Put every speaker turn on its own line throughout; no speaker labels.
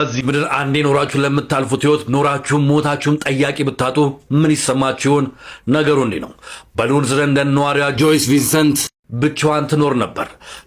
በዚህ ምድር አንዴ ኖራችሁን ለምታልፉት ህይወት ኖራችሁም ሞታችሁም ጠያቂ ብታጡ ምን ይሰማችሁን? ነገሩ እንዲህ ነው። በሎርድ ለንደን ነዋሪዋ ጆይስ ቪንሰንት ብቻዋን ትኖር ነበር።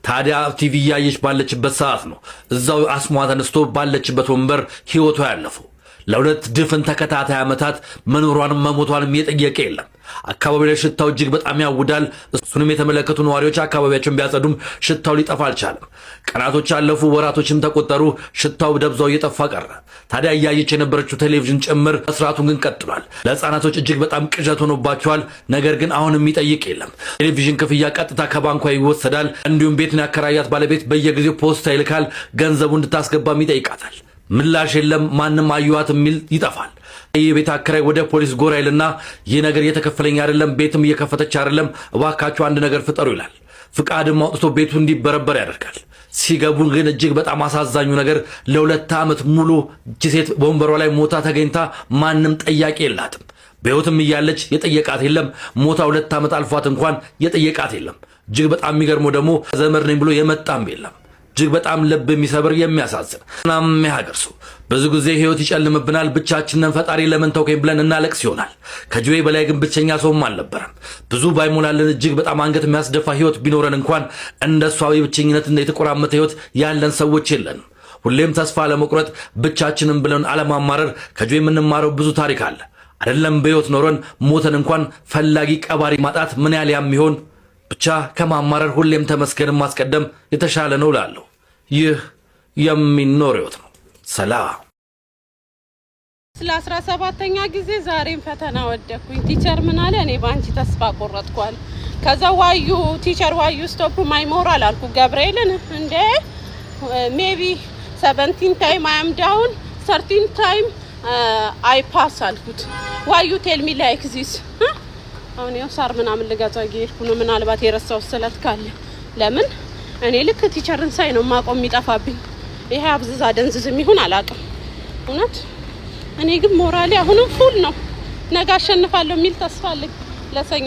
ታዲያ ቲቪ እያየች ባለችበት ሰዓት ነው እዛው አስሟ ተነስቶ ባለችበት ወንበር ህይወቷ ያለፈው። ለሁለት ድፍን ተከታታይ ዓመታት መኖሯንም መሞቷንም የጠየቀ የለም። አካባቢ ላይ ሽታው እጅግ በጣም ያውዳል። እሱንም የተመለከቱ ነዋሪዎች አካባቢያቸውን ቢያጸዱም ሽታው ሊጠፋ አልቻለም። ቀናቶች አለፉ፣ ወራቶችም ተቆጠሩ። ሽታው ደብዛው እየጠፋ ቀረ። ታዲያ እያየች የነበረችው ቴሌቪዥን ጭምር መስራቱን ግን ቀጥሏል። ለህፃናቶች እጅግ በጣም ቅዠት ሆኖባቸዋል። ነገር ግን አሁን የሚጠይቅ የለም። ቴሌቪዥን ክፍያ ቀጥታ ከባንኳ ይወሰዳል። እንዲሁም ቤትን ያከራያት ባለቤት በየጊዜው ፖስታ ይልካል። ገንዘቡ እንድታስገባም ይጠይቃታል። ምላሽ የለም። ማንም አዩዋት የሚል ይጠፋል። የቤት አከራይ ወደ ፖሊስ ጎራ ይልና ይህ ነገር እየተከፈለኝ አይደለም፣ ቤትም እየከፈተች አይደለም፣ እባካችሁ አንድ ነገር ፍጠሩ ይላል። ፍቃድም አውጥቶ ቤቱ እንዲበረበር ያደርጋል። ሲገቡ ግን እጅግ በጣም አሳዛኙ ነገር ለሁለት ዓመት ሙሉ ሴት በወንበሯ ላይ ሞታ ተገኝታ ማንም ጠያቂ የላትም። በሕይወትም እያለች የጠየቃት የለም። ሞታ ሁለት ዓመት አልፏት እንኳን የጠየቃት የለም። እጅግ በጣም የሚገርመው ደግሞ ዘመድ ነኝ ብሎ የመጣም የለም። እጅግ በጣም ልብ የሚሰብር የሚያሳዝን ናም ያገር ሰው ብዙ ጊዜ ህይወት ይጨልምብናል። ብቻችንን ፈጣሪ ለምን ተውከኝ ብለን እናለቅስ ይሆናል። ከጅቤ በላይ ግን ብቸኛ ሰውም አልነበረም። ብዙ ባይሞላልን እጅግ በጣም አንገት የሚያስደፋ ህይወት ቢኖረን እንኳን እንደ እሷ ብቸኝነት እንደ የተቆራመተ ህይወት ያለን ሰዎች የለንም። ሁሌም ተስፋ ለመቁረጥ ብቻችንን ብለን አለማማረር ከጅቤ የምንማረው ብዙ ታሪክ አለ አደለም? በህይወት ኖረን ሞተን እንኳን ፈላጊ ቀባሪ ማጣት ምን ያህል ያም ይሆን ብቻ ከማማረር ሁሌም ተመስገንም ማስቀደም የተሻለ ነው እላለሁ። ይህ የሚኖር ህይወት ነው። ሰላም
ስለ አስራ ሰባተኛ ጊዜ ዛሬም ፈተና ወደኩኝ። ቲቸር ምን አለ? እኔ በአንቺ ተስፋ ቆረጥኳል። ከዛ ዋዩ ቲቸር ዋዩ ስቶፕ ማይ ሞራል አልኩ። ገብርኤልን እንደ ሜቢ ሰቨንቲን ታይም አያም ዳውን ሰርቲን ታይም አይፓስ አልኩት። ዋዩ ቴልሚ ላይክ ዚስ አሁን ያው ሳር ምናምን ልገዛ እየሄድኩ ነው። ምናልባት የረሳው ስለት ካለ ለምን እኔ ልክ ቲቸርን ሳይ ነው ማቆም የሚጠፋብኝ። ይሄ አብዝዛ ደንዝዝ የሚሆን አላውቅም እውነት። እኔ ግን ሞራሌ አሁንም ፉል ነው። ነገ አሸንፋለሁ የሚል ተስፋ አለኝ ለሰኞ